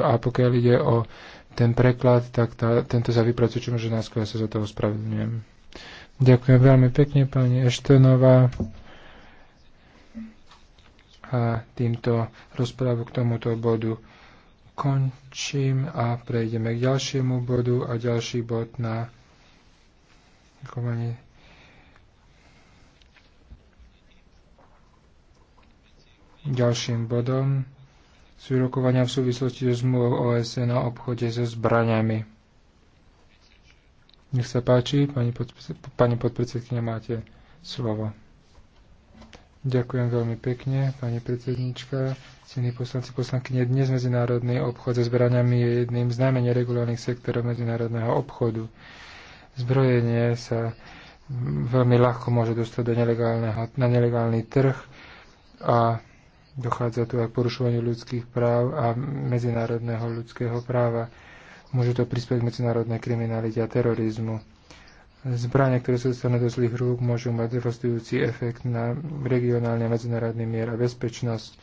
a pokiaľ ide o ten preklad, tak tá, tento za vypracujúčom ženásko, ja sa za to ospravedlňujem. Ďakujem veľmi pekne, pani Eštenová. A týmto rozprávu k tomuto bodu končím a prejdeme k ďalšiemu bodu a ďalší bod na komanie. Ďalším bodom sú rokovania v súvislosti so zmluvou OSN o obchode so zbraniami. Nech sa páči, pani, podpre, pani podpredsedkynia, máte slovo. Ďakujem veľmi pekne, pani predsednička. Cení poslanci, poslankyne, dnes medzinárodný obchod so zbraniami je jedným z najmenej regulovaných sektorov medzinárodného obchodu. Zbrojenie sa veľmi ľahko môže dostať do nelegálneho, na nelegálny trh a Dochádza tu aj k porušovaniu ľudských práv a medzinárodného ľudského práva. Môže to prispieť k medzinárodnej kriminalite a terorizmu. Zbranie, ktoré sa dostanú do zlých rúk, môžu mať devastujúci efekt na regionálny a medzinárodný mier a bezpečnosť.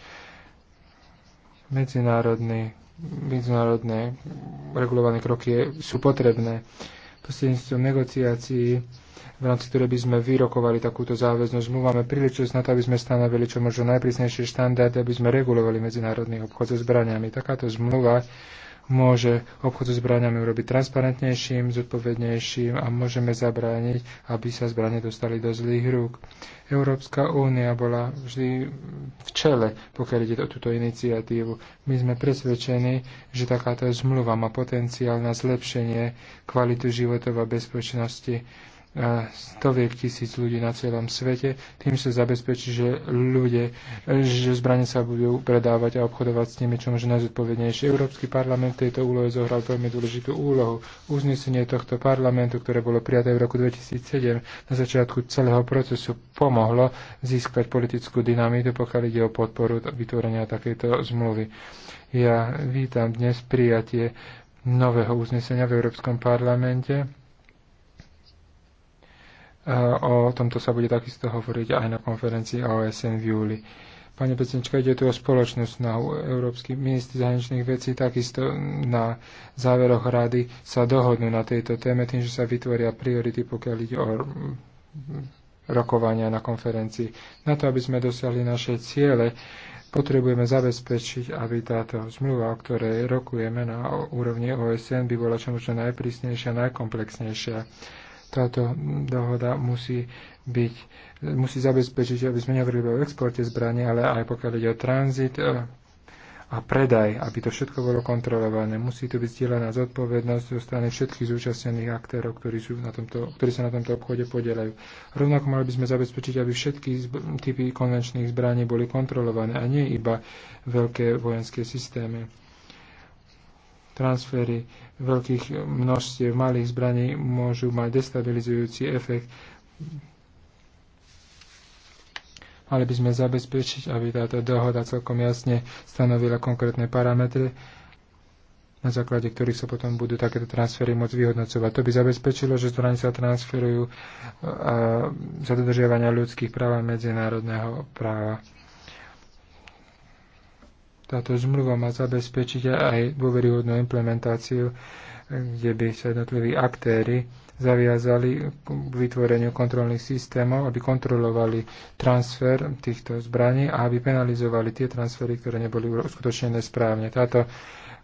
Medzinárodný, medzinárodné regulované kroky sú potrebné prostredníctvom negociácií, v rámci ktorej by sme vyrokovali takúto záväznosť. Zmluv máme príležitosť na to, aby sme stanovili čo možno najprísnejšie štandardy, aby sme regulovali medzinárodný obchod so zbraniami. Takáto zmluva môže obchod so zbraniami urobiť transparentnejším, zodpovednejším a môžeme zabrániť, aby sa zbranie dostali do zlých rúk. Európska únia bola vždy v čele, pokiaľ ide o túto iniciatívu. My sme presvedčení, že takáto zmluva má potenciál na zlepšenie kvalitu životov a bezpečnosti stoviek tisíc ľudí na celom svete. Tým sa zabezpečí, že ľudia, že zbranie sa budú predávať a obchodovať s nimi čo môže najzodpovednejšie. Európsky parlament v tejto úlohe zohral veľmi dôležitú úlohu. Uznesenie tohto parlamentu, ktoré bolo prijaté v roku 2007 na začiatku celého procesu, pomohlo získať politickú dynamitu, pokiaľ ide o podporu vytvorenia takejto zmluvy. Ja vítam dnes prijatie nového uznesenia v Európskom parlamente O tomto sa bude takisto hovoriť aj na konferencii OSN v júli. Pani Pecenčka, ide tu o spoločnosť na Európsky minister zahraničných vecí takisto na záveroch rady sa dohodnú na tejto téme tým, že sa vytvoria priority, pokiaľ ide o rokovania na konferencii. Na to, aby sme dosiahli naše ciele, potrebujeme zabezpečiť, aby táto zmluva, o ktorej rokujeme na úrovni OSN, by bola čo možno najprísnejšia, najkomplexnejšia táto dohoda musí byť, musí zabezpečiť, aby sme nehovorili o exporte zbraní, ale aj pokiaľ ide o tranzit e, a predaj, aby to všetko bolo kontrolované. Musí to byť zdieľaná zodpovednosť zo strany všetkých zúčastnených aktérov, ktorí, sú na tomto, ktorí sa na tomto obchode podielajú. Rovnako mali by sme zabezpečiť, aby všetky typy konvenčných zbraní boli kontrolované a nie iba veľké vojenské systémy transfery veľkých množstiev malých zbraní môžu mať destabilizujúci efekt. Mali by sme zabezpečiť, aby táto dohoda celkom jasne stanovila konkrétne parametre, na základe ktorých sa potom budú takéto transfery môcť vyhodnocovať. To by zabezpečilo, že zbraní sa transferujú za dodržiavania ľudských práv a medzinárodného práva táto zmluva má zabezpečiť aj dôveryhodnú implementáciu, kde by sa jednotliví aktéry zaviazali k vytvoreniu kontrolných systémov, aby kontrolovali transfer týchto zbraní a aby penalizovali tie transfery, ktoré neboli uskutočnené správne. Táto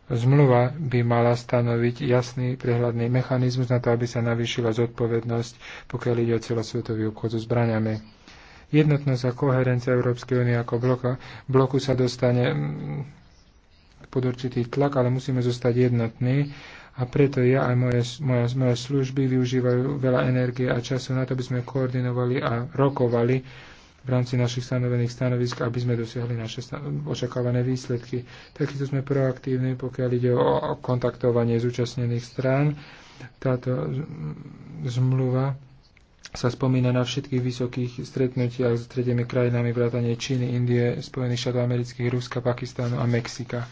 zmluva by mala stanoviť jasný prehľadný mechanizmus na to, aby sa navýšila zodpovednosť, pokiaľ ide o celosvetový obchod so zbraniami jednotnosť a koherencia Európskej únie ako bloka, bloku sa dostane mm, pod určitý tlak, ale musíme zostať jednotní a preto ja aj moje, moje, moje služby využívajú veľa energie a času na to, aby sme koordinovali a rokovali v rámci našich stanovených stanovisk, aby sme dosiahli naše očakávané výsledky. Takisto sme proaktívni, pokiaľ ide o kontaktovanie zúčastnených strán. Táto zmluva sa spomína na všetkých vysokých stretnutiach s tretimi krajinami vrátane Číny, Indie, Spojených štátov amerických, Ruska, Pakistánu a Mexika.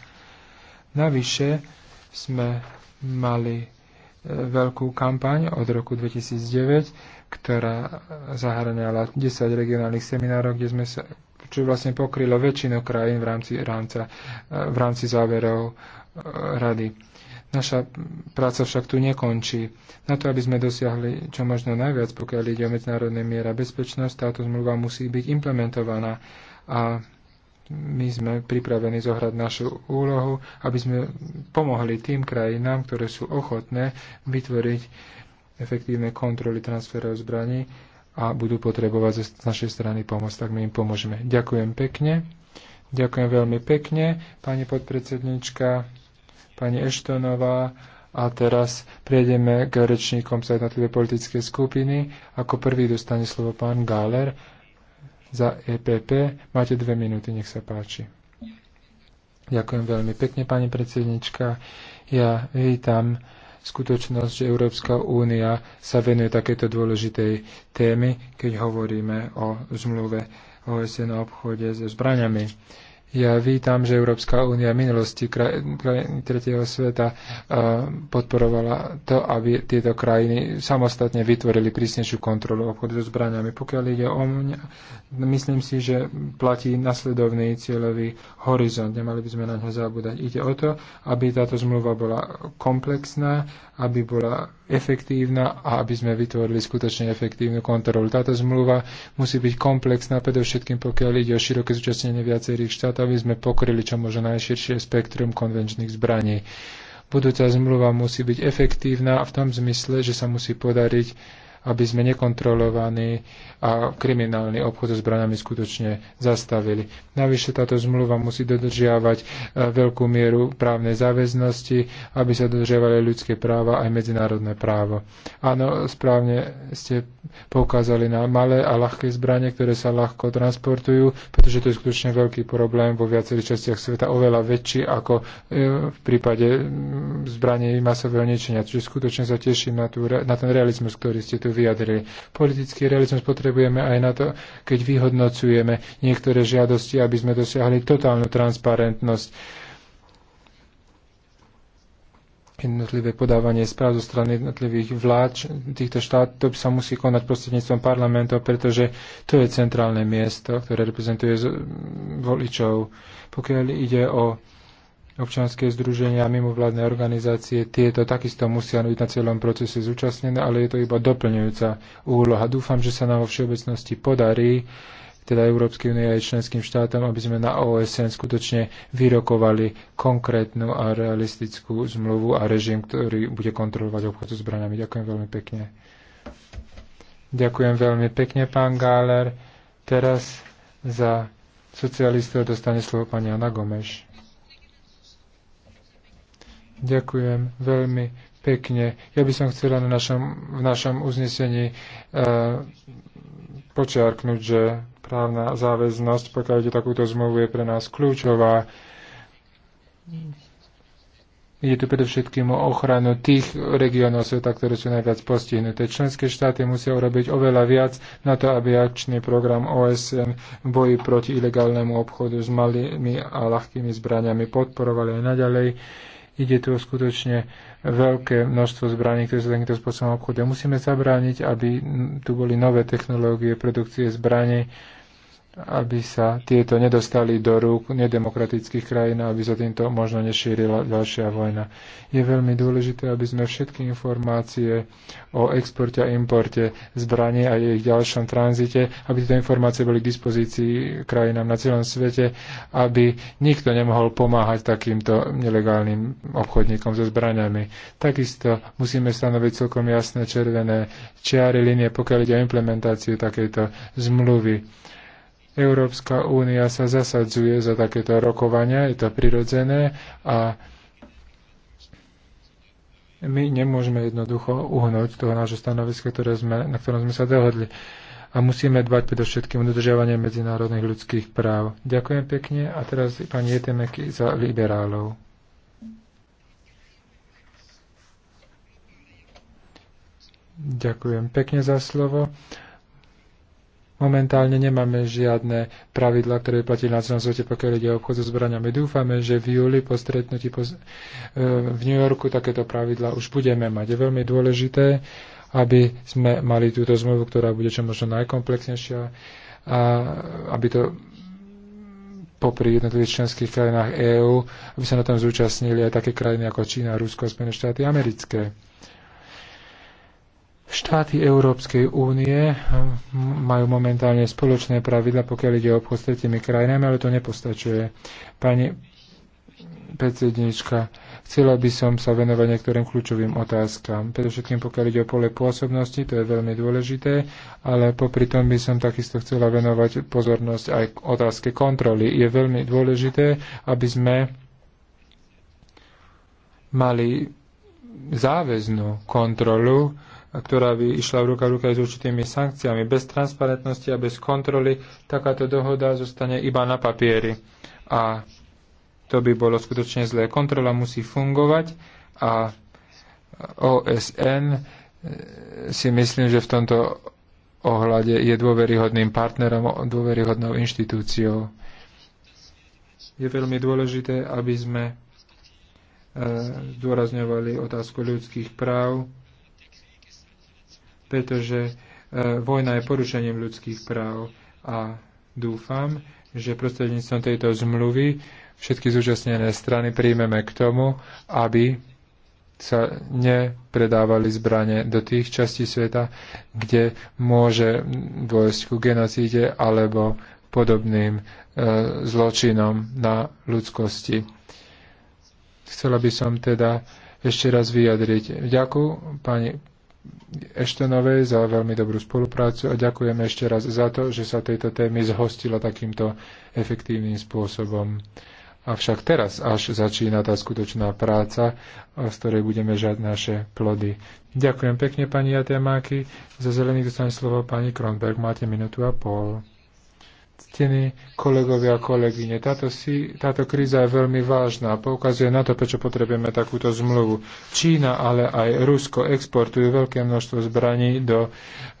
Navyše sme mali e, veľkú kampaň od roku 2009, ktorá zahrňala 10 regionálnych seminárov, kde sme sa, čo vlastne pokrylo väčšinu krajín v rámci, rámca, e, v rámci záverov e, rady. Naša práca však tu nekončí. Na to, aby sme dosiahli čo možno najviac, pokiaľ ide o medzinárodné miera bezpečnosť, táto zmluva musí byť implementovaná a my sme pripravení zohrať našu úlohu, aby sme pomohli tým krajinám, ktoré sú ochotné vytvoriť efektívne kontroly transferov zbraní a budú potrebovať z našej strany pomoc, tak my im pomôžeme. Ďakujem pekne. Ďakujem veľmi pekne, pani podpredsednička pani Eštonová a teraz prejdeme k rečníkom za jednotlivé politické skupiny. Ako prvý dostane slovo pán Gáler za EPP. Máte dve minúty, nech sa páči. Ďakujem veľmi pekne, pani predsednička. Ja vítam skutočnosť, že Európska únia sa venuje takéto dôležitej témy, keď hovoríme o zmluve OSN o obchode so zbraniami. Ja vítam, že Európska únia v minulosti krajiny tretieho sveta podporovala to, aby tieto krajiny samostatne vytvorili prísnejšiu kontrolu obchodu so zbraniami. Pokiaľ ide o mňa, myslím si, že platí nasledovný cieľový horizont. Nemali by sme na ňo zabúdať. Ide o to, aby táto zmluva bola komplexná, aby bola efektívna a aby sme vytvorili skutočne efektívnu kontrolu. Táto zmluva musí byť komplexná, predovšetkým pokiaľ ide o široké zúčastnenie viacerých štátov, aby sme pokryli čo možno najširšie spektrum konvenčných zbraní. Budúca zmluva musí byť efektívna v tom zmysle, že sa musí podariť aby sme nekontrolovaný a kriminálny obchod so zbraniami skutočne zastavili. Navyše táto zmluva musí dodržiavať e, veľkú mieru právnej záväznosti, aby sa dodržiavali ľudské práva aj medzinárodné právo. Áno, správne ste poukázali na malé a ľahké zbranie, ktoré sa ľahko transportujú, pretože to je skutočne veľký problém vo viacerých častiach sveta, oveľa väčší ako e, v prípade zbraní masového ničenia. Čiže skutočne sa teším na, tú, na ten realizmus, ktorý ste tu vyjadrili. Politický realizmus potrebujeme aj na to, keď vyhodnocujeme niektoré žiadosti, aby sme dosiahli totálnu transparentnosť jednotlivé podávanie správ zo strany jednotlivých vlád týchto štátov sa musí konať prostredníctvom parlamentov, pretože to je centrálne miesto, ktoré reprezentuje voličov. Pokiaľ ide o občanské združenia a mimovládne organizácie, tieto takisto musia byť na celom procese zúčastnené, ale je to iba doplňujúca úloha. Dúfam, že sa nám vo všeobecnosti podarí teda Európskej únie aj členským štátom, aby sme na OSN skutočne vyrokovali konkrétnu a realistickú zmluvu a režim, ktorý bude kontrolovať obchod so zbraniami. Ďakujem veľmi pekne. Ďakujem veľmi pekne, pán Gáler. Teraz za socialistov dostane slovo pani Ana Gomeš. Ďakujem veľmi pekne. Ja by som chcela na našom, v našom uznesení e, počiarknúť, že právna záväznosť, pokiaľ ide takúto zmluvu, je pre nás kľúčová. Je tu predovšetkým o ochranu tých regiónov sveta, ktoré sú najviac postihnuté. Členské štáty musia urobiť oveľa viac na to, aby akčný program OSN v boji proti ilegálnemu obchodu s malými a ľahkými zbraniami podporovali aj naďalej. Ide tu skutočne veľké množstvo zbraní, ktoré sa takýmto spôsobom obchodujú. Musíme zabrániť, aby tu boli nové technológie produkcie zbraní, aby sa tieto nedostali do rúk nedemokratických krajín a aby sa týmto možno nešírila ďalšia vojna. Je veľmi dôležité, aby sme všetky informácie o exporte a importe zbraní a ich ďalšom tranzite, aby tieto informácie boli k dispozícii krajinám na celom svete, aby nikto nemohol pomáhať takýmto nelegálnym obchodníkom so zbraniami. Takisto musíme stanoviť celkom jasné červené čiary, linie, pokiaľ ide o implementáciu takejto zmluvy Európska únia sa zasadzuje za takéto rokovania, je to prirodzené a my nemôžeme jednoducho uhnúť toho nášho stanoviska, ktoré sme, na ktorom sme sa dohodli. A musíme dbať predovšetkým o dodržiavanie medzinárodných ľudských práv. Ďakujem pekne a teraz pani Jetemeky za liberálov. Ďakujem pekne za slovo. Momentálne nemáme žiadne pravidla, ktoré platí na celom svete, pokiaľ ide o obchod so zbraniami. Dúfame, že v júli po stretnutí po, e, v New Yorku takéto pravidla už budeme mať. Je veľmi dôležité, aby sme mali túto zmluvu, ktorá bude čo možno najkomplexnejšia, a aby to popri jednotlivých členských krajinách EÚ, aby sa na tom zúčastnili aj také krajiny ako Čína, Rusko Spojené štáty americké. Štáty Európskej únie hm, majú momentálne spoločné pravidla, pokiaľ ide o obchod s tretimi krajinami, ale to nepostačuje. Pani predsednička, chcela by som sa venovať niektorým kľúčovým otázkam. Predovšetkým pokiaľ ide o pole pôsobnosti, to je veľmi dôležité, ale popri tom by som takisto chcela venovať pozornosť aj k otázke kontroly. Je veľmi dôležité, aby sme mali záväznú kontrolu, ktorá by išla v ruka v ruka s určitými sankciami. Bez transparentnosti a bez kontroly takáto dohoda zostane iba na papieri. A to by bolo skutočne zlé. Kontrola musí fungovať a OSN e, si myslím, že v tomto ohľade je dôveryhodným partnerom, dôveryhodnou inštitúciou. Je veľmi dôležité, aby sme e, zdôrazňovali otázku ľudských práv pretože e, vojna je porušením ľudských práv a dúfam, že prostredníctvom tejto zmluvy všetky zúčastnené strany príjmeme k tomu, aby sa nepredávali zbranie do tých častí sveta, kde môže dôjsť ku genocíde alebo podobným e, zločinom na ľudskosti. Chcela by som teda ešte raz vyjadriť Ďakujem, pani Eštenovej za veľmi dobrú spoluprácu a ďakujem ešte raz za to, že sa tejto témy zhostila takýmto efektívnym spôsobom. Avšak teraz až začína tá skutočná práca, z ktorej budeme žať naše plody. Ďakujem pekne, pani Jatemáky. Za zelených dostane slovo pani Kronberg. Máte minútu a pol. Ctení kolegovia a kolegyne, táto, si, táto kríza je veľmi vážna a poukazuje na to, prečo potrebujeme takúto zmluvu. Čína, ale aj Rusko exportujú veľké množstvo zbraní do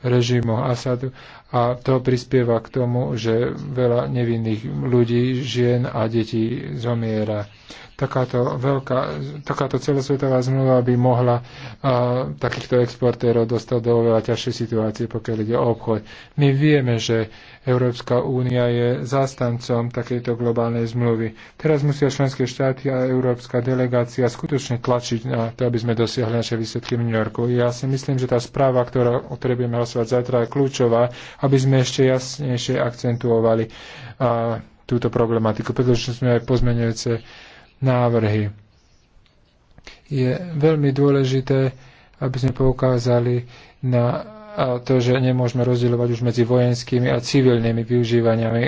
režimu Asadu a to prispieva k tomu, že veľa nevinných ľudí, žien a detí zomiera. Takáto, veľká, takáto celosvetová zmluva by mohla a, takýchto exportérov dostať do oveľa ťažšej situácie, pokiaľ ide o obchod. My vieme, že Európska únia je zástancom takejto globálnej zmluvy. Teraz musia členské štáty a európska delegácia skutočne tlačiť na to, aby sme dosiahli naše výsledky v New Yorku. Ja si myslím, že tá správa, ktorá, o ktorej budeme hlasovať zajtra, je kľúčová aby sme ešte jasnejšie akcentuovali a, túto problematiku. pretože sme aj pozmenujúce návrhy. Je veľmi dôležité, aby sme poukázali na to, že nemôžeme rozdielovať už medzi vojenskými a civilnými využívaniami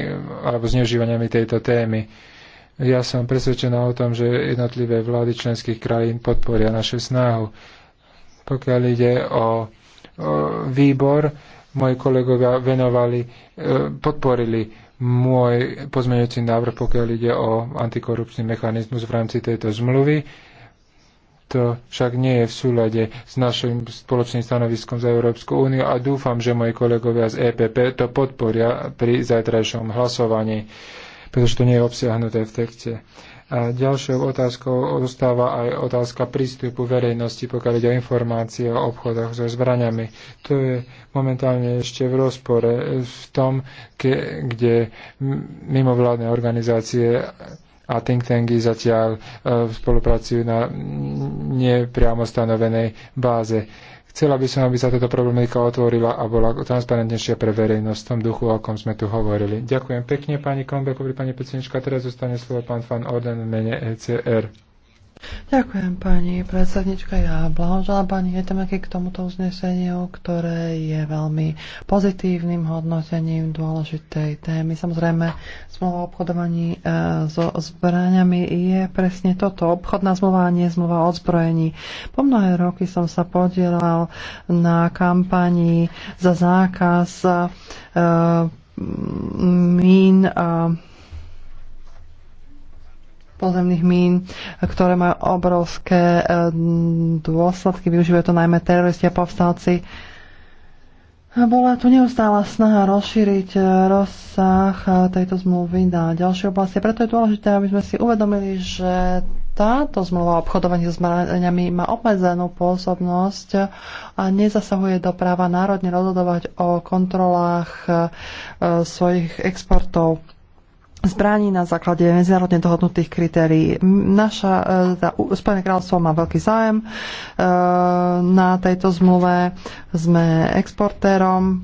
alebo zneužívaniami tejto témy. Ja som presvedčená o tom, že jednotlivé vlády členských krajín podporia našu snahu. Pokiaľ ide o, o výbor, moji kolegovia venovali, e, podporili môj pozmeňujúci návrh, pokiaľ ide o antikorupčný mechanizmus v rámci tejto zmluvy. To však nie je v súlade s našim spoločným stanoviskom za Európsku úniu a dúfam, že moji kolegovia z EPP to podporia pri zajtrajšom hlasovaní, pretože to nie je obsiahnuté v texte. Ďalšou otázkou zostáva aj otázka prístupu verejnosti, pokiaľ ide o informácie o obchodoch so zbraniami. To je momentálne ešte v rozpore v tom, ke, kde mimovládne organizácie a think tanky zatiaľ e, spolupracujú na nepriamo stanovenej báze. Chcela by som, aby sa táto problematika otvorila a bola transparentnejšia pre verejnosť v tom duchu, o kom sme tu hovorili. Ďakujem pekne, pani Klombekovi, pani predsednička. Teraz zostane slovo pán Fan Orden v mene ECR. Ďakujem pani predsednička. Ja blahoželám pani Jetemeky k tomuto uzneseniu, ktoré je veľmi pozitívnym hodnotením dôležitej témy. Samozrejme, zmluva o obchodovaní e, so zbraniami je presne toto. Obchodná zmluva a nie zmluva o zbrojení. Po mnohé roky som sa podielal na kampanii za zákaz e, mín uh, pozemných mín, ktoré majú obrovské eh, dôsledky. Využívajú to najmä teroristi a povstalci. Bola tu neustála snaha rozšíriť eh, rozsah eh, tejto zmluvy na ďalšie oblasti. Preto je dôležité, aby sme si uvedomili, že táto zmluva o obchodovaní so zbraniami má obmedzenú pôsobnosť a nezasahuje do práva národne rozhodovať o kontrolách svojich exportov zbraní na základe medzinárodne dohodnutých kritérií. Naša, tá, e, Spojené kráľovstvo má veľký zájem e, na tejto zmluve. Sme exportérom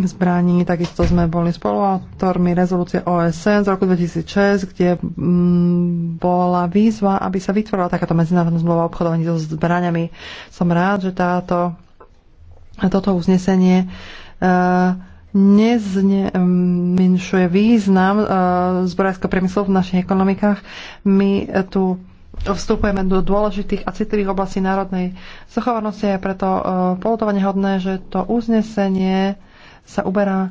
zbraní, takisto sme boli spoluautormi rezolúcie OSN z roku 2006, kde m, mm, bola výzva, aby sa vytvorila takáto medzinárodná zmluva o obchodovaní so zbraniami. Som rád, že táto, toto uznesenie e, nezmenšuje význam e, zbrojárskeho priemyslu v našich ekonomikách. My e, tu vstupujeme do dôležitých a citlivých oblastí národnej zachovanosti a je preto e, polutovanie hodné, že to uznesenie sa uberá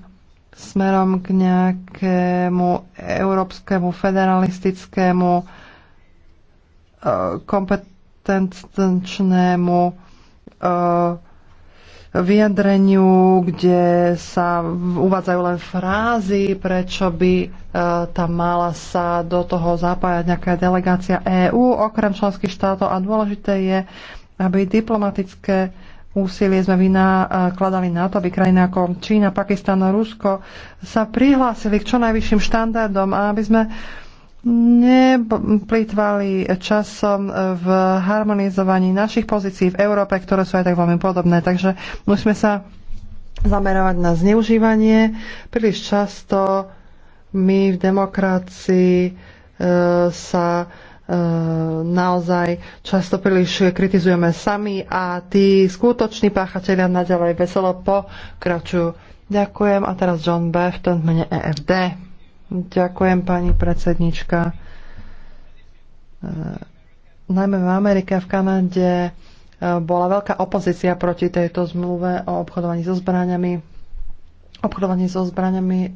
smerom k nejakému európskemu federalistickému kompetenčnému vyjadreniu, kde sa uvádzajú len frázy, prečo by e, tam mala sa do toho zapájať nejaká delegácia EÚ okrem členských štátov a dôležité je, aby diplomatické úsilie sme vynakladali e, na to, aby krajiny ako Čína, Pakistan a Rusko sa prihlásili k čo najvyšším štandardom a aby sme uh, neplýtvali časom v harmonizovaní našich pozícií v Európe, ktoré sú aj tak veľmi podobné. Takže musíme sa zamerovať na zneužívanie. Príliš často my v demokracii e, sa e, naozaj často príliš kritizujeme sami a tí skutoční páchatelia naďalej veselo pokračujú. Ďakujem a teraz John Befton v mene EFD. Ďakujem, pani predsednička. E, najmä v Amerike a v Kanade e, bola veľká opozícia proti tejto zmluve o obchodovaní so zbraniami obchodovanie so zbraniami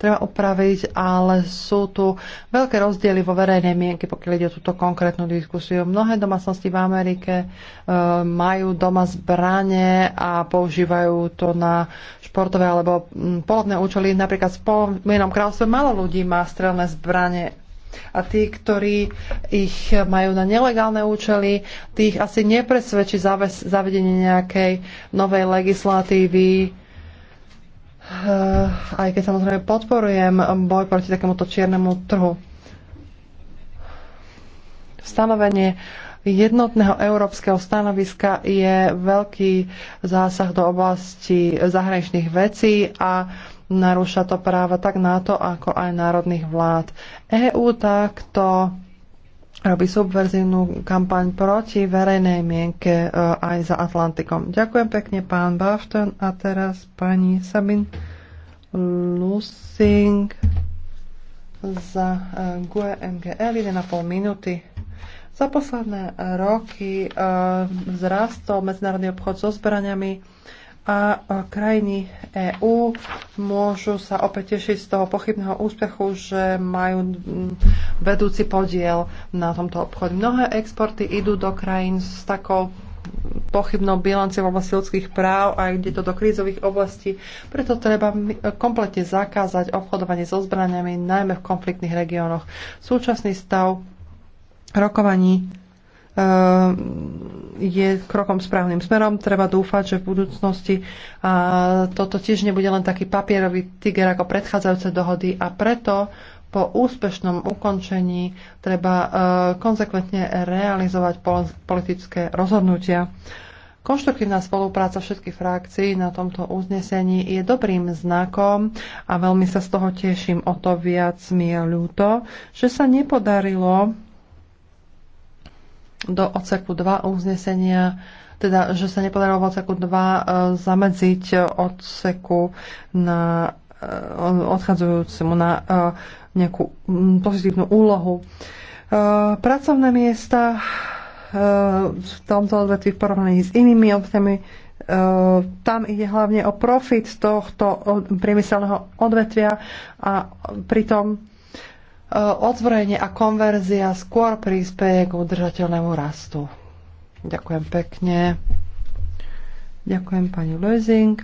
treba opraviť, ale sú tu veľké rozdiely vo verejnej mienke, pokiaľ ide o túto konkrétnu diskusiu. Mnohé domácnosti v Amerike e, majú doma zbranie a používajú to na športové alebo polovné účely. Napríklad v Spojenom kráľstve malo ľudí má strelné zbranie a tí, ktorí ich majú na nelegálne účely, tých asi nepresvedčí zavedenie nejakej novej legislatívy, aj keď samozrejme podporujem boj proti takémuto čiernemu trhu. Stanovenie jednotného európskeho stanoviska je veľký zásah do oblasti zahraničných vecí a narúša to práva tak NATO, ako aj národných vlád. EÚ takto robí subverzívnu kampaň proti verejnej mienke e, aj za Atlantikom. Ďakujem pekne pán Bafton a teraz pani Sabin Lusing za e, GUE NGL 1,5 minúty. Za posledné roky e, vzrastol medzinárodný obchod so zbraniami a krajiny EÚ môžu sa opäť tešiť z toho pochybného úspechu, že majú mm, vedúci podiel na tomto obchode. Mnohé exporty idú do krajín s takou pochybnou bilanciou v oblasti ľudských práv a ide to do krízových oblastí. Preto treba kompletne zakázať obchodovanie so zbraniami, najmä v konfliktných regiónoch. Súčasný stav rokovaní Ehm, je krokom správnym smerom. Treba dúfať, že v budúcnosti a toto tiež nebude len taký papierový tiger ako predchádzajúce dohody a preto po úspešnom ukončení treba e, konzekventne realizovať politické rozhodnutia. Konštruktívna spolupráca všetkých frakcií na tomto uznesení je dobrým znakom a veľmi sa z toho teším o to viac mi je ľúto, že sa nepodarilo do odseku 2 uznesenia, teda, že sa nepodarilo v odseku 2 e, zamedziť odseku na e, odchádzajúcemu na e, nejakú pozitívnu úlohu. Pracovné miesta v tomto odvetví v porovnaní s inými odvetami tam ide hlavne o profit tohto priemyselného odvetvia a pritom Eh, odzbrojenie a konverzia skôr príspeje k udržateľnému rastu. Ďakujem pekne. Ďakujem pani Lezing.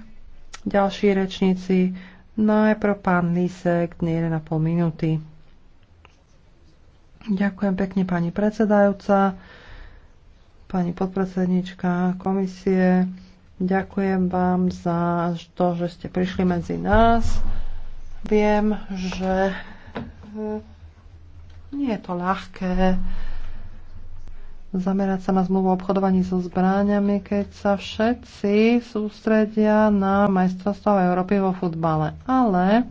Ďalší rečníci. Najprv pán Lisek, 1,5 minúty. Ďakujem pekne pani predsedajúca, pani podpredsednička komisie. Ďakujem vám za to, že ste prišli medzi nás. Viem, že eh, nie je to ľahké zamerať sa na zmluvu o obchodovaní so zbráňami, keď sa všetci sústredia na majstrovstvá Európy vo futbale. Ale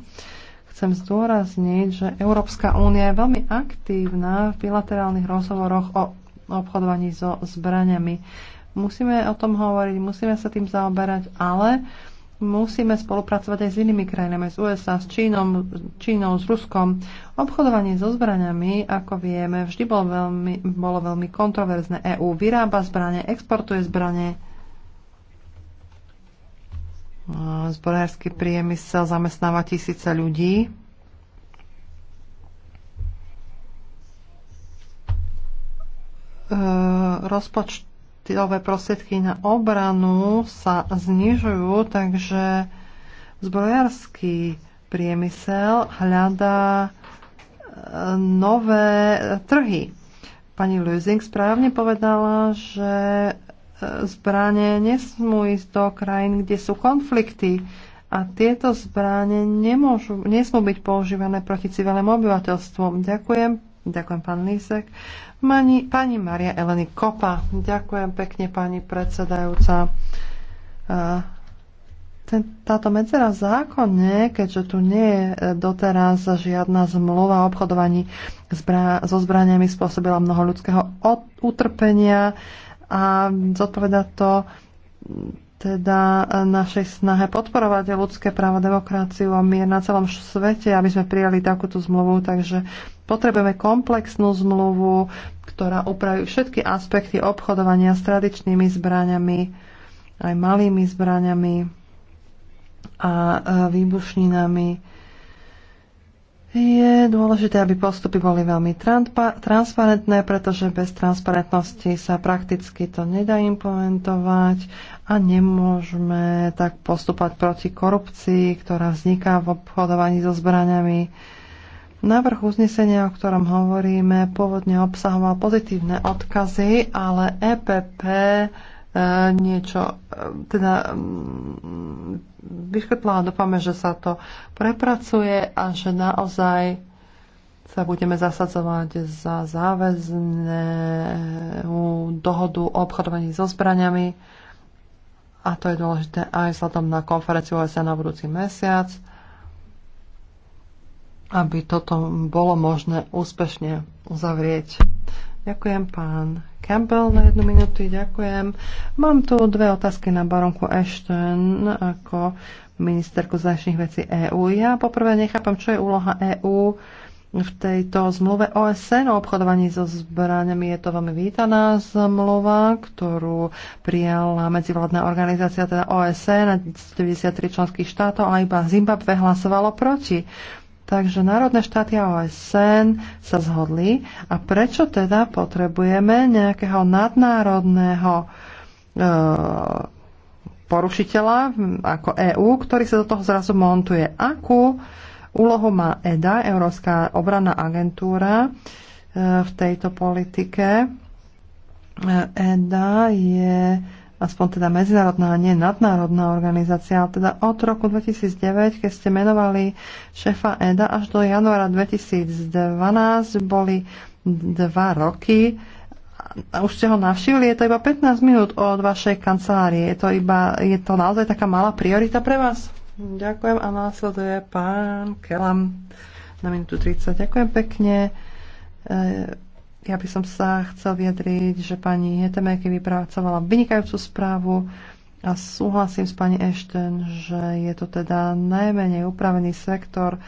chcem zdôrazniť, že Európska únia je veľmi aktívna v bilaterálnych rozhovoroch o obchodovaní so zbraniami. Musíme o tom hovoriť, musíme sa tým zaoberať, ale musíme spolupracovať aj s inými krajinami, s USA, s Čínom, Čínou, s Ruskom. Obchodovanie so zbraniami, ako vieme, vždy bolo veľmi, bolo veľmi kontroverzné. EÚ vyrába zbranie, exportuje zbranie. Zbrojársky priemysel zamestnáva tisíce ľudí. E, rozpočt tie prostriedky na obranu sa znižujú, takže zbrojársky priemysel hľadá e, nové e, trhy. Pani Lusing správne povedala, že e, zbranie nesmú ísť do krajín, kde sú konflikty a tieto zbranie nesmú byť používané proti civilnému obyvateľstvu. Ďakujem. Ďakujem, pán Lísek. Mani, pani Maria Eleny Kopa. Ďakujem pekne, pani predsedajúca. Táto medzera v zákone, keďže tu nie je e, doteraz žiadna zmluva o obchodovaní so zbraniami, spôsobila mnoho ľudského utrpenia a zodpoveda to teda e, našej snahe podporovať ľudské práva, demokraciu a mier na celom svete, aby sme prijali takúto zmluvu. Takže Potrebujeme komplexnú zmluvu, ktorá upraví všetky aspekty obchodovania s tradičnými zbraniami, aj malými zbraniami a e, výbušninami. Je dôležité, aby postupy boli veľmi transparentné, pretože bez transparentnosti sa prakticky to nedá implementovať a nemôžeme tak postupovať proti korupcii, ktorá vzniká v obchodovaní so zbraniami. Návrh uznesenia, o ktorom hovoríme, pôvodne obsahoval pozitívne odkazy, ale EPP e, niečo, e, teda mm, vyškrtla a dúfame, že sa to prepracuje a že naozaj sa budeme zasadzovať za záväznú dohodu o obchodovaní so zbraniami a to je dôležité aj vzhľadom na konferenciu OSN na budúci mesiac aby toto bolo možné úspešne uzavrieť. Ďakujem pán Campbell na jednu minútu. Ďakujem. Mám tu dve otázky na baronku Ashton ako ministerku zahraničných vecí EÚ. Ja poprvé nechápam, čo je úloha EÚ v tejto zmluve OSN o obchodovaní so zbraniami. Je to veľmi vítaná zmluva, ktorú prijala medzivládna organizácia, teda OSN a 93 členských štátov a iba Zimbabwe hlasovalo proti. Takže národné štáty a OSN sa zhodli. A prečo teda potrebujeme nejakého nadnárodného e, porušiteľa ako EÚ, ktorý sa do toho zrazu montuje? Akú úlohu má EDA, Európska obranná agentúra, e, v tejto politike? EDA e je aspoň teda medzinárodná, nie nadnárodná organizácia, ale teda od roku 2009, keď ste menovali šéfa EDA až do januára 2012 boli dva roky. a Už ste ho navštívili, je to iba 15 minút od vašej kancelárie. Je to, iba, je to naozaj taká malá priorita pre vás? Ďakujem a následuje pán Kelam na minútu 30. Ďakujem pekne. E, ja by som sa chcel vyjadriť, že pani Hetemeky vypracovala vynikajúcu správu a súhlasím s pani Ešten, že je to teda najmenej upravený sektor e,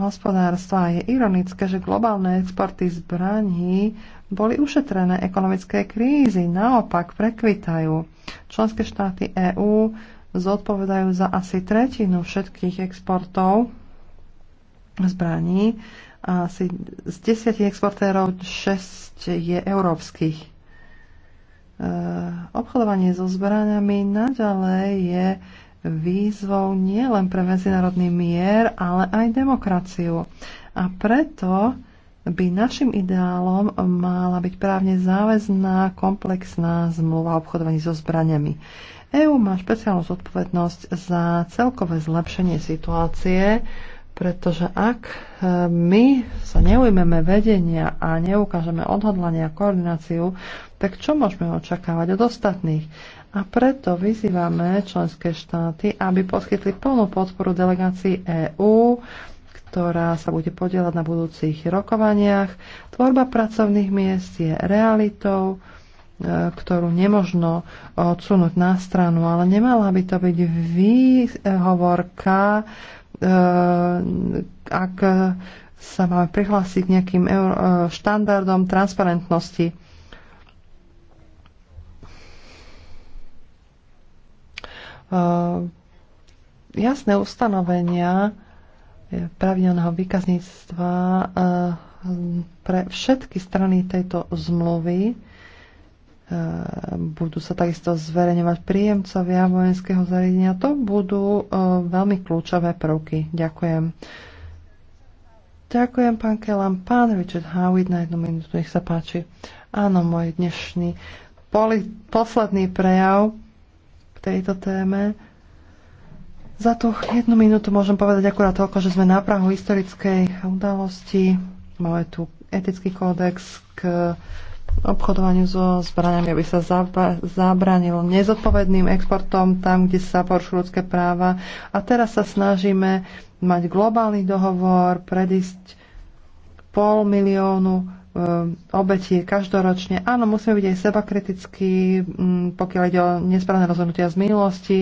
hospodárstva. je ironické, že globálne exporty zbraní boli ušetrené ekonomické krízy, naopak prekvitajú. Členské štáty EÚ zodpovedajú za asi tretinu všetkých exportov zbraní asi z desiatich exportérov 6 je európskych. E, obchodovanie so zbraniami naďalej je výzvou nielen pre medzinárodný mier, ale aj demokraciu. A preto by našim ideálom mala byť právne záväzná komplexná zmluva o obchodovaní so zbraniami. EÚ má špeciálnu zodpovednosť za celkové zlepšenie situácie pretože ak e, my sa neujmeme vedenia a neukážeme odhodlanie a koordináciu, tak čo môžeme očakávať od ostatných? A preto vyzývame členské štáty, aby poskytli plnú podporu delegácii EÚ, ktorá sa bude podielať na budúcich rokovaniach. Tvorba pracovných miest je realitou, e, ktorú nemožno odsunúť na stranu, ale nemala by to byť výhovorka Eh, ak sa máme prihlásiť k nejakým eh, štandardom transparentnosti. Eh, jasné ustanovenia pravidelného výkazníctva pre všetky strany tejto zmluvy E, budú sa takisto zverejňovať príjemcovia vojenského zariadenia. To budú e, veľmi kľúčové prvky. Ďakujem. Ďakujem, pán Kelam. Pán Richard Howitt, na jednu minútu, nech sa páči. Áno, môj dnešný poli- posledný prejav k tejto téme. Za tú jednu minútu môžem povedať akurát toľko, že sme na Prahu historickej udalosti. Máme tu etický kódex k obchodovaniu so zbraniami, aby sa zabránilo nezodpovedným exportom tam, kde sa porušujú ľudské práva. A teraz sa snažíme mať globálny dohovor, predísť pol miliónu eh, obetí každoročne. Áno, musíme byť aj sebakritickí, mm, pokiaľ ide o nesprávne rozhodnutia z minulosti.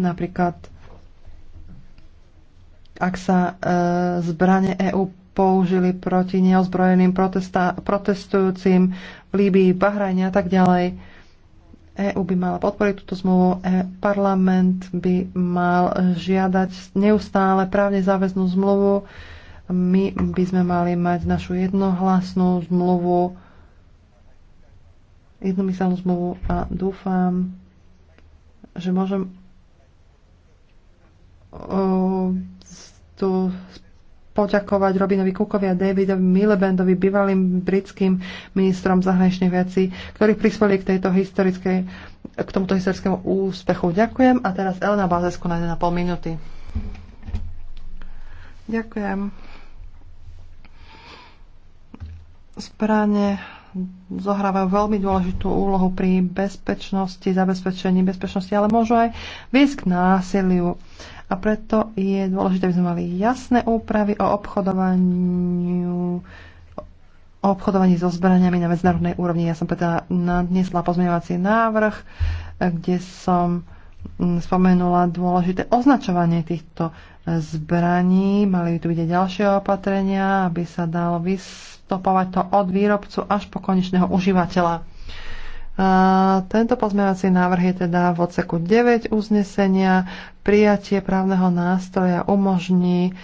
Napríklad, ak sa eh, zbranie EU použili proti neozbrojeným protestujúcim v Líbii, Bahrajne a tak ďalej. EU by mala podporiť túto zmluvu, e, parlament by mal žiadať neustále právne záväznú zmluvu, my by sme mali mať našu jednohlasnú zmluvu, jednomyselnú zmluvu a dúfam, že môžem uh, tu poďakovať Robinovi Kukovi a Davidovi Milebendovi, bývalým britským ministrom zahraničných vecí, ktorí prispeli k tejto historickej, k tomuto historickému úspechu. Ďakujem a teraz Elena Bazesku na 1,5 minúty. Ďakujem. Správne zohrávajú veľmi dôležitú úlohu pri bezpečnosti, zabezpečení bezpečnosti, ale môžu aj viesť k násiliu a preto je dôležité, aby sme mali jasné úpravy o obchodovaniu o obchodovaní so zbraniami na medzinárodnej úrovni. Ja som teda nadnesla pozmeňovací návrh, kde som spomenula dôležité označovanie týchto zbraní. Mali by tu byť ďalšie opatrenia, aby sa dalo vystopovať to od výrobcu až po konečného užívateľa. A tento pozmeňovací návrh je teda v odseku 9 uznesenia. Prijatie právneho nástroja umožní,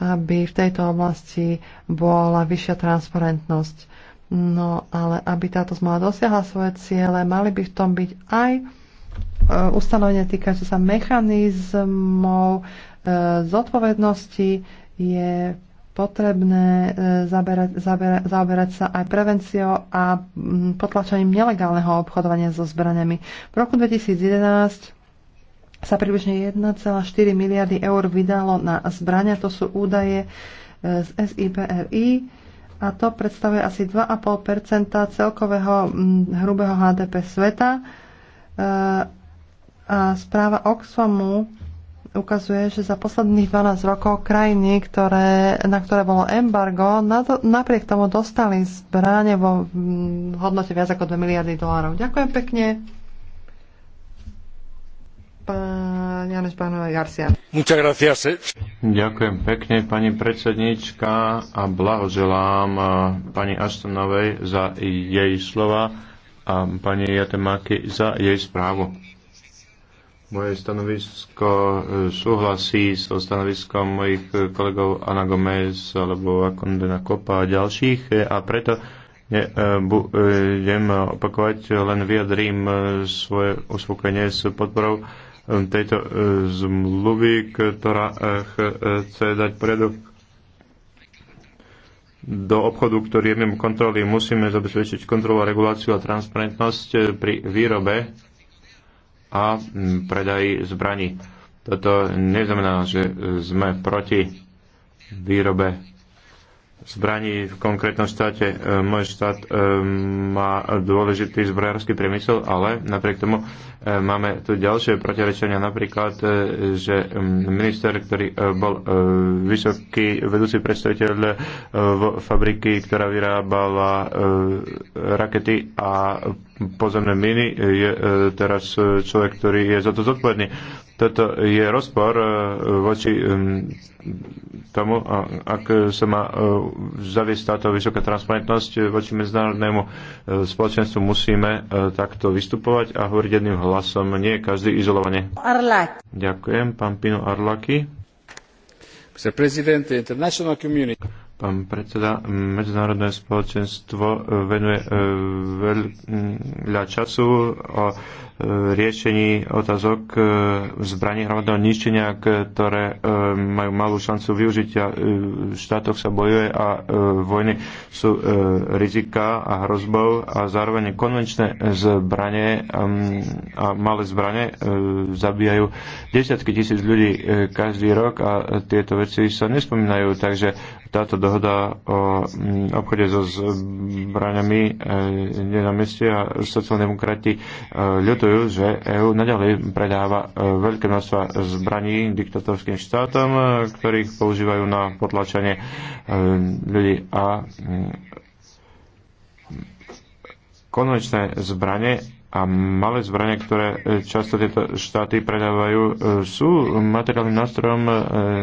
aby v tejto oblasti bola vyššia transparentnosť. No ale aby táto zmluva dosiahla svoje ciele, mali by v tom byť aj e, ustanovenie týkajúce sa mechanizmov e, zodpovednosti je potrebné zaberať, zaberať, zaoberať sa aj prevenciou a mm, potlačením nelegálneho obchodovania so zbraniami. V roku 2011 sa približne 1,4 miliardy eur vydalo na zbrania, to sú údaje e, z SIPRI a to predstavuje asi 2,5 celkového mm, hrubého HDP sveta. E, a správa Oxfamu ukazuje, že za posledných 12 rokov krajiny, ktoré, na ktoré bolo embargo, na to, napriek tomu dostali zbranie vo mm, hodnote viac ako 2 miliardy dolárov. Ďakujem pekne. Pán Janeš Pánova Garcia. Eh. Ďakujem pekne, pani predsednička, a blahoželám eh, pani Astonovej za jej slova a pani Jatemáky za jej správu moje stanovisko e, súhlasí so stanoviskom mojich e, kolegov Ana Gomez alebo Akondena Kopa a ďalších e, a preto ne, budem opakovať, len vyjadrím svoje uspokojenie s podporou tejto zmluvy, ktorá chce dať poriadok do obchodu, ktorý je mimo kontroly. Musíme zabezpečiť kontrolu a reguláciu a transparentnosť pri výrobe a predaj zbraní. Toto neznamená, že sme proti výrobe zbraní v konkrétnom štáte. E, môj štát e, má dôležitý zbrojársky priemysel, ale napriek tomu e, máme tu ďalšie protirečenia. Napríklad, že minister, ktorý bol vysoký vedúci predstaviteľ v fabriky, ktorá vyrábala rakety a pozemné miny, je teraz človek, ktorý je za to zodpovedný. Toto je rozpor voči tomu, ak sa má e, zaviesť táto vysoká transparentnosť e, voči medzinárodnému e, spoločenstvu, musíme takto vystupovať a hovoriť jedným hlasom, nie každý izolovane. Arlak. Ďakujem, pán Pino Arlaki. Mr. President, the international community Pán predseda, medzinárodné spoločenstvo venuje e, veľa času o e, riešení otázok e, zbraní hromadného ničenia, ktoré majú malú šancu využiť a v štátoch sa bojuje a vojny sú rizika a hrozbou a zároveň konvenčné zbranie a malé zbranie zabíjajú desiatky tisíc ľudí každý rok a tieto veci sa nespomínajú, takže táto dohoda o mm, obchode so zbraňami e, je na mieste a sociálni demokrati e, ľutujú, že EÚ naďalej predáva e, veľké množstva zbraní diktatorským štátom, ktorých používajú na potlačanie ľudí a mm, konvenčné zbranie a malé zbranie, ktoré e, často tieto štáty predávajú, e, sú materiálnym nástrojom e,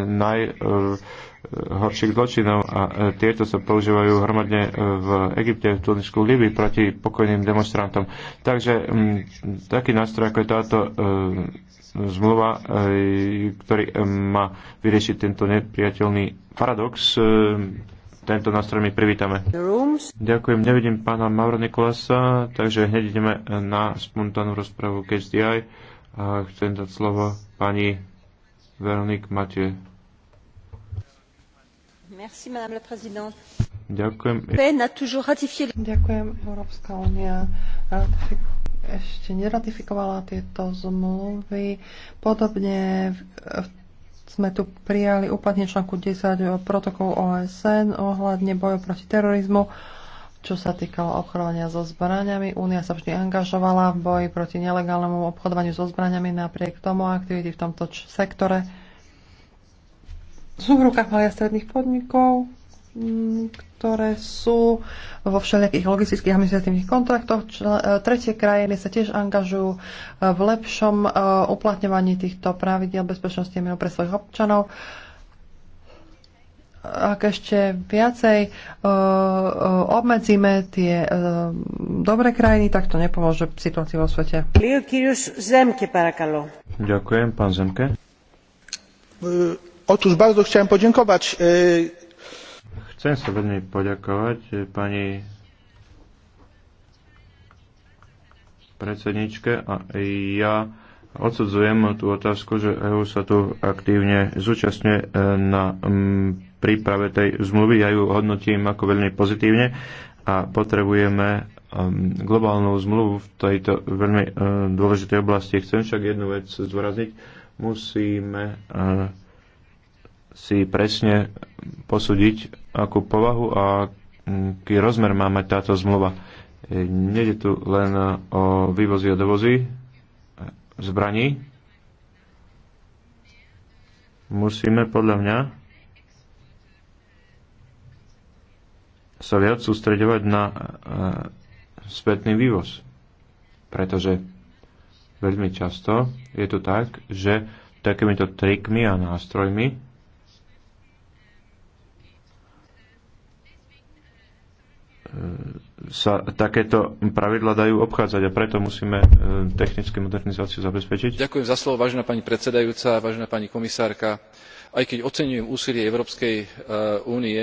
najhorších zločinov a tieto sa používajú hromadne v Egypte, v Tunisku, Libii proti pokojným demonstrantom. Takže taký nástroj, ako je táto zmluva, ktorý má vyriešiť tento nepriateľný paradox, tento nástroj my privítame. Ďakujem, nevidím pána Mauro Nikolasa, takže hneď ideme na spontánnu rozpravu KSDI. A chcem dať slovo pani Veronik Matie. Merci, madame la présidente. Ďakujem. Ďakujem. Európska únia eh, ešte neratifikovala tieto zmluvy. Podobne v, v sme tu prijali uplatne článku 10 e, protokol OSN ohľadne boja proti terorizmu. Čo sa týkalo obchodovania so zbraniami, Únia sa vždy angažovala v boji proti nelegálnemu obchodovaniu so zbraniami napriek tomu aktivity v tomto sektore sú v rukách malých a stredných podnikov, ktoré sú vo všelijakých logistických a administratívnych kontraktoch. E, tretie krajiny sa tiež angažujú e, v lepšom e, uplatňovaní týchto pravidiel bezpečnosti mimo pre svojich občanov. Ak ešte viacej obmedzíme tie dobré krajiny, tak to nepomôže situácii vo svete. Ďakujem, pán Zemke. Otóż bardzo chciałem podziękować Chcem sa veľmi poďakovať eh, pani predsedničke a ja odsudzujem tú otázku, že EU sa tu aktívne zúčastňuje eh, na mm, príprave tej zmluvy. Ja ju hodnotím ako veľmi pozitívne a potrebujeme mm, globálnu zmluvu v tejto veľmi eh, dôležitej oblasti. Chcem však jednu vec zdôrazniť. Musíme si presne posúdiť, akú povahu a aký rozmer má mať táto zmluva. E, Nede tu len o vývozy a dovozy zbraní. Musíme podľa mňa sa viac sústreďovať na e, spätný vývoz. Pretože veľmi často je to tak, že takýmito trikmi a nástrojmi sa takéto pravidla dajú obchádzať a preto musíme e, technickú modernizáciu zabezpečiť. Ďakujem za slovo, vážená pani predsedajúca, vážená pani komisárka. Aj keď oceňujem úsilie Európskej e, únie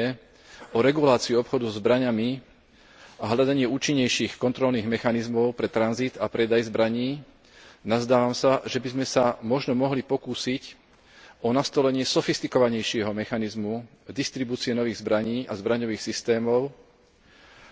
o reguláciu obchodu s zbraňami a hľadanie účinnejších kontrolných mechanizmov pre tranzit a predaj zbraní, nazdávam sa, že by sme sa možno mohli pokúsiť o nastolenie sofistikovanejšieho mechanizmu distribúcie nových zbraní a zbraňových systémov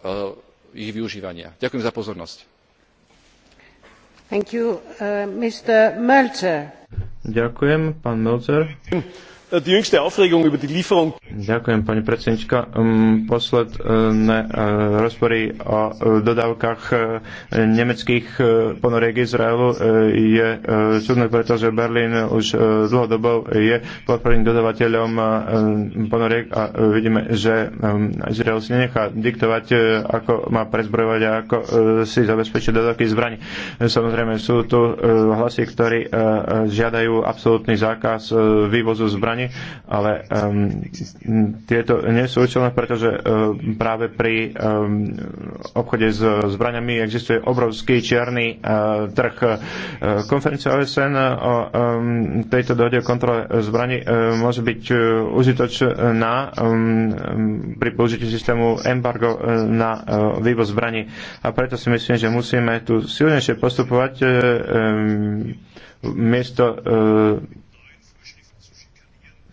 Eh, ich využívania. ďakujem za pozornosť. Eh, ďakujem, Äh, die jüngste Aufregung über die Lieferung. Ďakujem, pani predsednička. Um, posledné äh, rozpory o äh, dodávkach nemeckých ponoriek Izraelu je čudné, pretože Berlín už dlhodobo je podporným dodavateľom ponoriek a vidíme, že ähm, Izrael si nenechá diktovať, ako má prezbrojovať a ako si zabezpečiť dodávky zbraní. Samozrejme sú tu hlasy, ktorí žiadajú absolútny zákaz vývozu zbraní páni, ale um, tieto nie sú účelné, pretože um, práve pri um, obchode s zbraniami existuje obrovský čierny uh, trh. Eh, konferencia OSN o um, tejto dohode o kontrole zbraní uh, môže byť uh, užitočná um, pri použití systému embargo uh, na uh, vývoz zbraní. A preto si myslím, že musíme tu silnejšie postupovať um, miesto uh,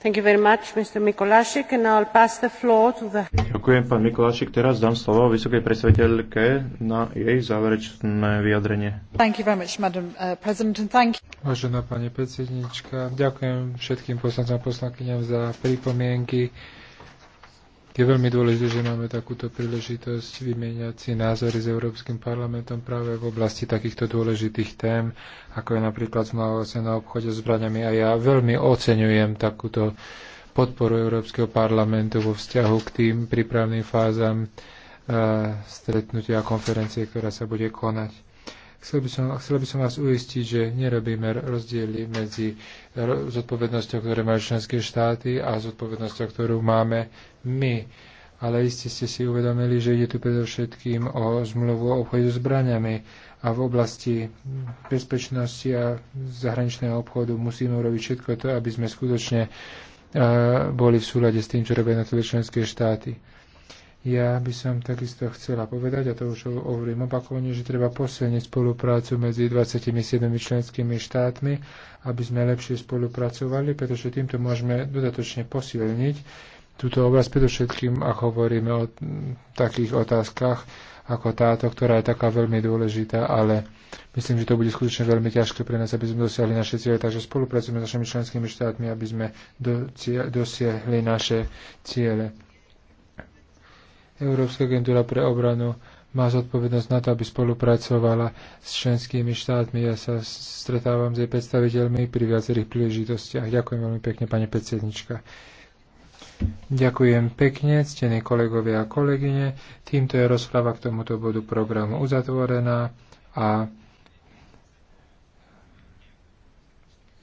Ďakujem, pán Mikolášik. Teraz dám slovo vysokej predstaviteľke na jej záverečné vyjadrenie. Uh, Vážená pani predsednička, ďakujem všetkým poslancom a poslankyňam za pripomienky. Je veľmi dôležité, že máme takúto príležitosť vymieňať si názory s Európskym parlamentom práve v oblasti takýchto dôležitých tém, ako je napríklad zmluva o obchode s zbraniami. A ja veľmi oceňujem takúto podporu Európskeho parlamentu vo vzťahu k tým prípravným fázam eh, stretnutia a konferencie, ktorá sa bude konať. Chcel by, som, chcel by som vás uistiť, že nerobíme rozdiely medzi zodpovednosťou, ktoré majú členské štáty a zodpovednosťou, ktorú máme my. Ale iste ste si uvedomili, že ide tu predovšetkým o zmluvu o obchode s zbraniami a v oblasti bezpečnosti a zahraničného obchodu musíme urobiť všetko to, aby sme skutočne eh, boli v súlade s tým, čo robia na členské štáty. Ja by som takisto chcela povedať, a to už hovorím opakovane, že treba posilniť spoluprácu medzi 27 členskými štátmi, aby sme lepšie spolupracovali, pretože týmto môžeme dodatočne posilniť túto oblasť, predovšetkým, ak hovoríme o takých otázkach ako táto, ktorá je taká veľmi dôležitá, ale myslím, že to bude skutočne veľmi ťažké pre nás, aby sme dosiahli naše ciele, takže spolupracujeme s našimi členskými štátmi, aby sme dosiahli naše ciele. Európska agentúra pre obranu má zodpovednosť na to, aby spolupracovala s členskými štátmi. Ja sa stretávam s jej predstaviteľmi pri viacerých príležitostiach. Ďakujem veľmi pekne, pani predsednička. Ďakujem pekne, ctení kolegovia a kolegyne. Týmto je rozpráva k tomuto bodu programu uzatvorená a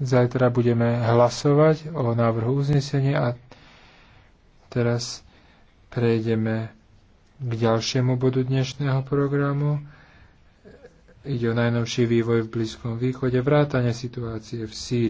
zajtra budeme hlasovať o návrhu uznesenia a teraz prejdeme k ďalšiemu bodu dnešného programu. Ide o najnovší vývoj v Blízkom východe, vrátanie situácie v Sýrii.